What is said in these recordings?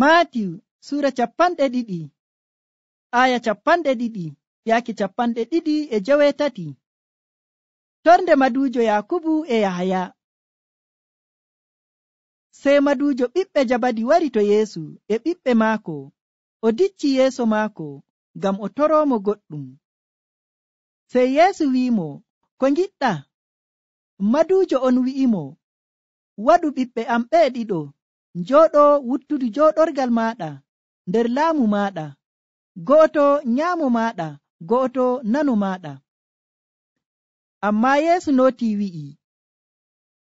matiw sura capanɗe ɗiɗi aya capanɗe ɗiɗi yaake capanɗe ɗiɗi e jewetati torde madujo yakubu e yahaya sei madujo ɓiɓɓe jabadi wari to yeesu e ɓiɓɓe maako o dicci yeeso maako ngam o toroomo goɗɗum sei yeesu wi'imo ko ngiɗɗa madujo on wi'imo waɗu ɓiɓɓe am ɓee ɗiɗo njoɗo wuttudu joɗorgal maɗa nder laamu maɗa go'oto nyaamo maɗa go'oto nano maɗa amma yeesu noti wi'i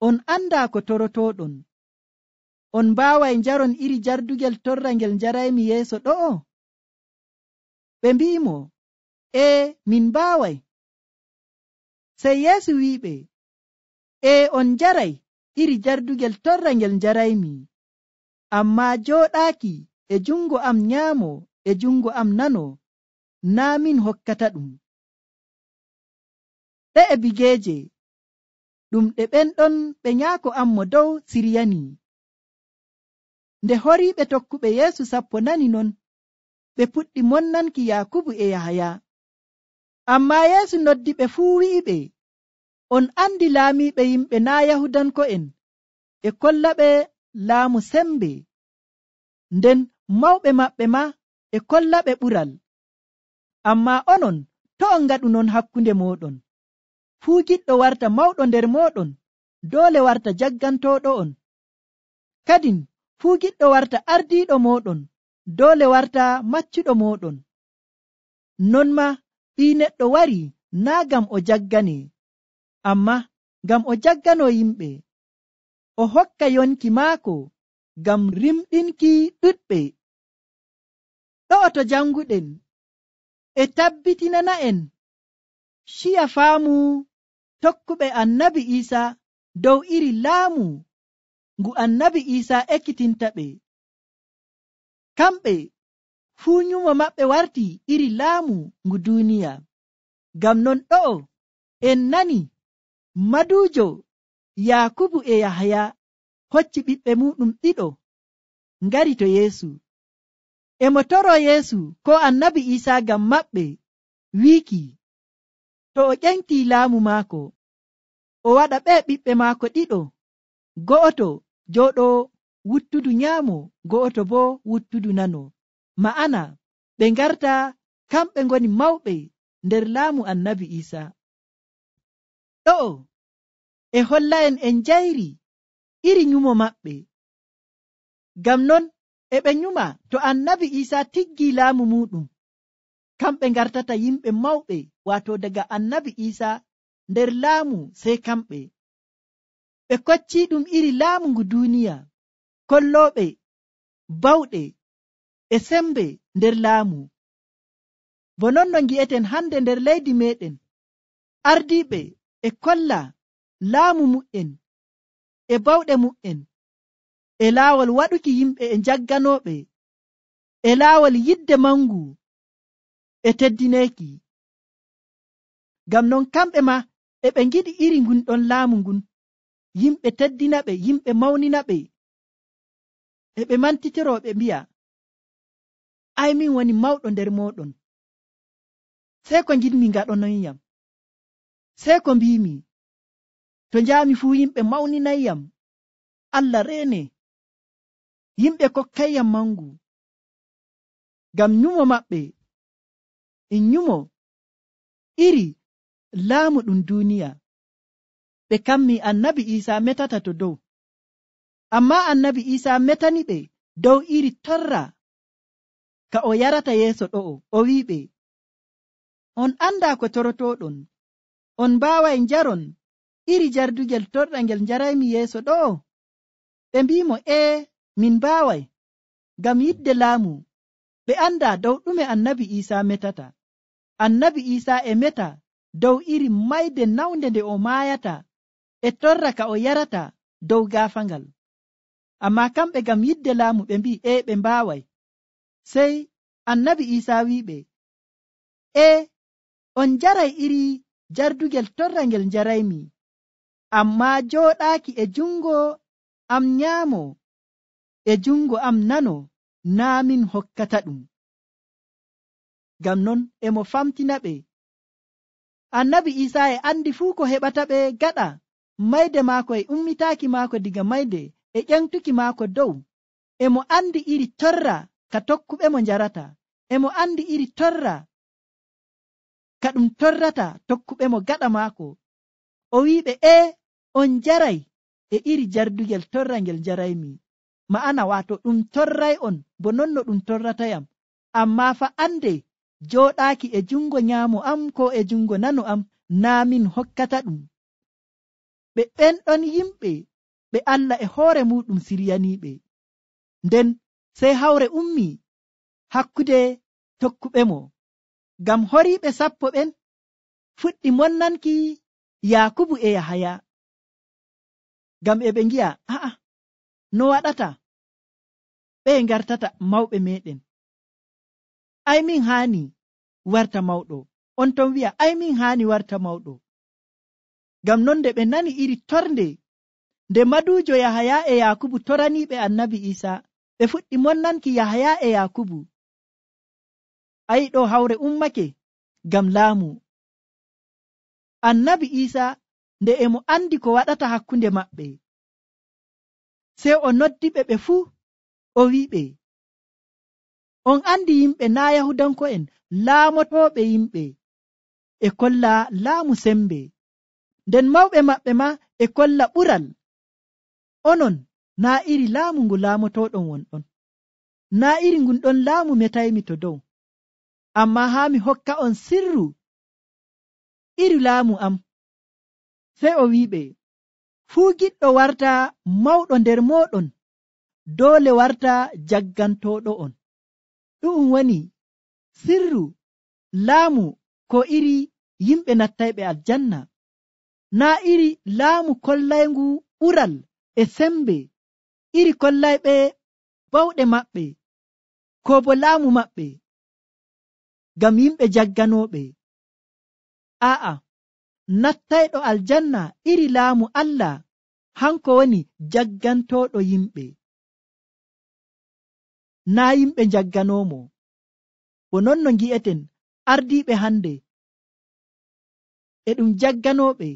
on anda ko torotoɗon on mbaaway njaron iri jardugel torra ngel njaraymi yeeso ɗo'o ɓe mbi'imo e min mbaaway sey yeesu wi'i ɓe e on njaray iri jardugel torra ngel njaraymi e, amma joɗaaki e jungo am nyaamo e jungo am nano naa min hokkata ɗum ɗe e bigeeje ɗum ɗe ɓenɗon ɓe nyaako am mo dow siryani nde horiiɓe tokkuɓe yeesu sappo nani non ɓe puɗɗi monnanki yaakubu e yahaya amma yeesu noddi ɓe fuu wi'iɓe on anndi laamiiɓe yimɓe naa yahudanko'en e kollaɓe laamu sembe nden mawɓe maɓɓe ma e kollaɓe ɓural amma onon to on ngaɗu non hakkunde moɗon fuu giɗɗo warta mawɗo nder moɗon doole warta jaggantoɗo on kadin fuu giɗɗo warta ardiiɗo moɗon doole warta maccuɗo moɗon non ma ɓii neɗɗo wari naa gam o jaggane amma gam o jaggano yimɓe o hokka yonki maako ngam rimɗinki ɗuɗɓe ɗo to janguɗen e tabbitinana en shiya faamu tokkuɓe annabi iisa dow iri laamu ngu annabi iisa ekkitinta ɓe kamɓe fuu nyumo maɓɓe warti iri laamu ngu duuniya ngam non ɗo'o en nani madujo yakubu e yahaya hocci ɓiɓɓe muɗum ɗiɗo ngari to yeesu e mo toro yeesu ko annabi isaa gam maɓɓe wiiki to o ƴeŋti laamu maako o waɗa ɓe ɓiɓɓe maako ɗiɗo go'oto jooɗo wuttudu nyaamo go'oto bo wuttudu nano ma'ana ɓe ngarta kamɓe ngoni mawɓe nder laamu annabi isaa ɗo'o e holla en en jayri iri nyumo maɓɓe gam non e ɓe nyuma to annabi isa tiggi laamu muɗum kamɓe ngartata yimɓe mawɓe wato daga annabi isa nder laamu sei kamɓe ɓe kocci ɗum iri laamu ngu duniya kollooɓe bawɗe e sembe nder laamu bo non no ngi'eten hannde nder leydi meɗen ardiiɓe e kolla laamu mu'en e bawɗe mum'en e laawol waɗuki yimɓe e jagganooɓe e laawol yidde mangu e teddineeki ngam non kamɓe ma e ɓe ngiɗi iri ngunɗon laamu ngun yimɓe teddina ɓe yimɓe mawnina ɓe e ɓe mantitirooɓe mbi'a ay min woni mawɗo nder mooɗon sey ko ngiɗmi ngaɗonoyyam sey ko mbimi to njami fuu yimɓe mawninayyam allah rene yimɓe kokkayyam mangu ngam nyumo maɓɓe in e nyumo iri laamu ɗum duniya ɓe kammi annabi isa metata to dow amma annabi isa metani ɓe dow iri torra ka o yarata yeeso ɗo'o o wi'i ɓe on annda ko torotoɗon on mbaawa e njaron iri jardugel torɗa ngel njaraymi yeeso ɗo ɓe mbimo e min mbaaway ngam yidde laamu ɓe annda dow ɗume annabi iisaa metata annabi iisaa e meta dow iri mayde nawde nde o maayata e torra ka o yarata dow gaafa ngal amma kamɓe ngam yidde laamu ɓe mbi e ɓe mbaaway sey annabi iisaa wiɓe e eh, on njaray iri jardugel torra ngel njaraymi amma joɗaki e jungo am nyamo e jungo am nano naa min hokkata ɗum ngam non emo famtina ɓe annabi isa e andi fuu ko heɓata ɓe gaɗa mayde maako e ummitaaki maako diga mayde e ƴentuki maako dow emo andi iri torra ka tokkuɓe mo njarata emo andi iri torra ka ɗum torrata tokkuɓe mo gaɗa maako o wiɓe e on jarai e iri jardugel torra ngel jaraimi ma'ana wato ɗum torrai on bo nonno ɗum torratayam amma fa ande joɗaki e jungo nyamo am ko e jungo nano am namin hokkata ɗum ɓe ɓenɗon yimɓe ɓe allah e hoore muɗum siryaniɓe nden sei hawre ummi hakkude tokkuɓe mo ngam horiɓe sappo ɓen fuɗɗi monnanki yakubu e yahaya ngam e ɓe ngi'a a'a no waɗata ɓe ngartata mawɓe meɗen ai min haani warta mawɗo on ton wi'a ai min haani warta mawɗo ngam non de ɓe nani iri torde nde madujo yahaya e yakubu toraniɓe annabi isa ɓe fuɗɗi monnanki yahaya e yakubu ayi ɗo hawre ummake ngam laamu annabi isa nde emo andi ko waɗata hakkunde maɓɓe sey o noddi ɓe ɓe fuu o wi'i ɓe on andi yimɓe naa yahudanko'en laamotooɓe yimɓe e kolla laamu sembe nden mawɓe maɓɓe ma e kolla ɓural onon naa iri laamu ngu laamotooɗon wonɗon naa iri ngun ɗon laamu metaymi to dow amma haa mi hokka on sirru iri laamu am sey o wiɓe fuu giɗɗo warta mawɗo nder moɗon doole warta jaggantoɗo on ɗum woni sirru laamu ko iri yimɓe nattayɓe aljanna naa iri laamu kollayngu ural e sembe iri kollayɓe bawɗe maɓɓe ko bo laamu maɓɓe ngam yimɓe jagganoɓe a'a ah -ah. nattayɗo aljanna iri laamu allah hanko woni jaggantoɗo yimɓe na yimɓe jagganomo bo non no ngi'eten ardiɓe hande e ɗum jagganoɓe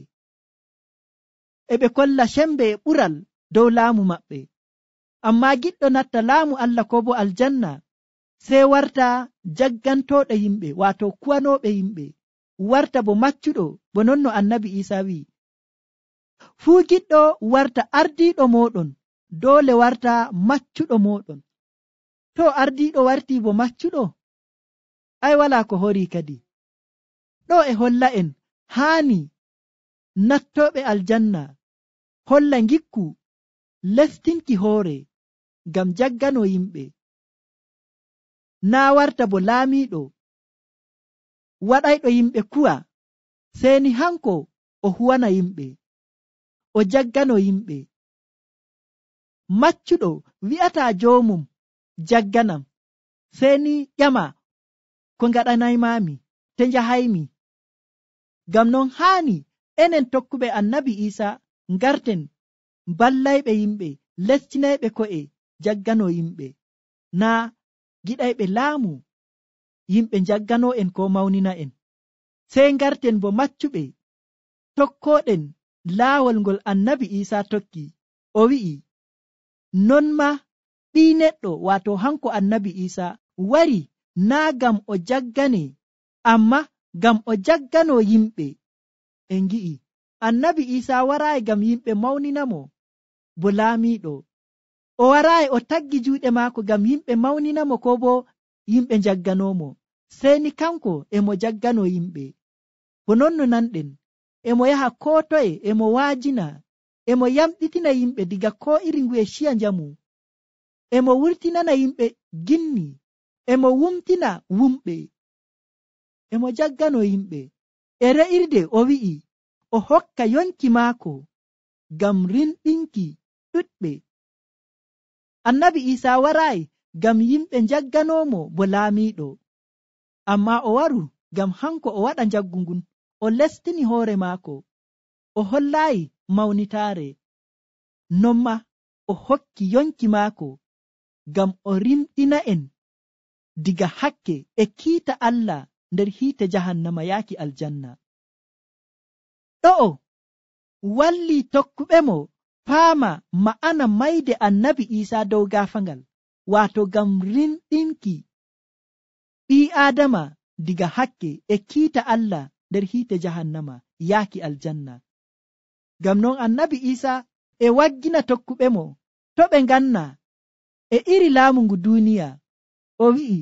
eɓe kolla shembe e ɓural dow laamu maɓɓe amma giɗɗo natta laamu allah ko bo aljanna sei warta jaggantoɗo yimɓe wato kuwanoɓe yimɓe warta bo maccuɗo bo non no annabi isa wi'i fuu giɗɗo warta ardiɗo moɗon doole warta maccuɗo moɗon to ardiɗo warti bo maccuɗo ai wala ko hori kadi ɗo e holla en haani nattoɓe aljanna holla gikku lestinki hoore ngam jaggano yimɓe naa warta bo laamiɗo waɗayɗo yimɓe kuwa seni hanko o huwana yimɓe o jaggano yimɓe maccuɗo wi'ata jomum jagganam seni ƴama ko gaɗanaymami te njahaymi gam non haani enen tokkuɓe annabi isa garten ballayɓe yimɓe lestinayɓe ko'e jaggano yimɓe na giɗayɓe laamu yimɓe jaggano en ko mawnina en sey garten bo maccuɓe tokkoɗen laawol ngol annabi isaa tokki o wi'i non ma ɓii neɗɗo waato hanko annabi isaa wari naa gam o jaggane amma gam o jaggano yimɓe en gi'i annabi isaa waraayi gam yimɓe mawninamo bo laamiiɗo o waraayi o taggi juuɗe maako gam yimɓe mawninamo ko bo yimɓe jagganomo seni kanko emo jaggano yimɓe ko nonno nanɗen emo yaha ko toye emo waajina emo yamɗitina yimɓe diga ko iri ngu'e shiya njamu emo wurtinana yimɓe ginni emo wumtina wumɓe emo jaggano yimɓe e re'irde o wi'i o hokka yonki maako ngam rinɗinki ɗuɗɓe annabi isaa warayi ngam yimɓe njagganomo bo laamiɗo amma o waru ngam hanko o waɗa njaggu ngun o lestini hoore maako o hollaayi mawnitaare nonma o hokki yonki maako ngam o rimɗina en diga hakke e kiita allah nder hiite jahannama yaaki aljanna ɗo'o walli tokkuɓe mo paama ma'ana mayde annabi iisaa dow gaafangal wato gam rinɗinki ɓi adama diga hakke e kiita allah nder hiite jahannama yaaki aljanna gam non annabi isa e waggina tokkuɓe mo to ɓe nganna e iri laamu ngu duuniya o wi'i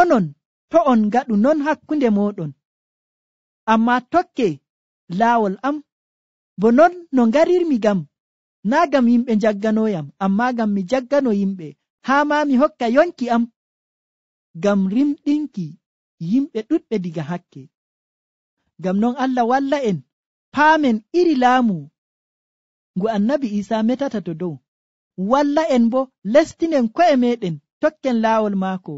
onon to on ngaɗu non hakkunde moɗon amma tokke laawol am bo non no ngarirmi gam naa gam yimɓe jagganoyam amma gam mi jaggano yimɓe haa ma mi hokka yonki am ngam rimɗinki yimɓe ɗuɗɓe diga hakke ngam non allah walla en paamen iri laamu ngu annabi isaa metata to dow walla en bo lestinen ko'e meɗen tokken laawol maako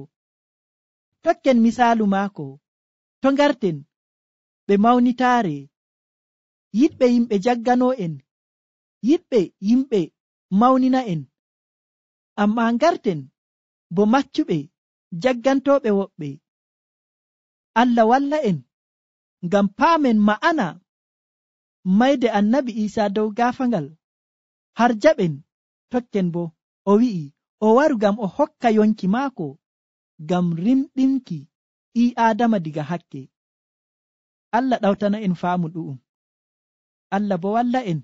tokken misaalu maako to ngarten ɓe mawnitaare yiɗɓe yimɓe jagganoo en yiɗɓe yimɓe mawnina en amma garden bo maccuɓe jaggantoɓe woɓɓe allah walla en ngam paamen ma'ana mayde annabi isa dow gafangal har jaɓen tokken bo o wi'i o waru gam o hokka yonki maako gam rimɗinki i adama diga hakke allah ɗawtana en faamu ɗu'um allah bo walla en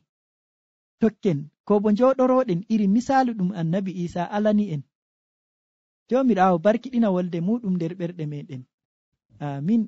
tokken ko bo njoɗoroɗen iri misalu ɗum annabi isa alani en jomiraawo barkiɗina wolde muɗum nder ɓerɗe meɗen amin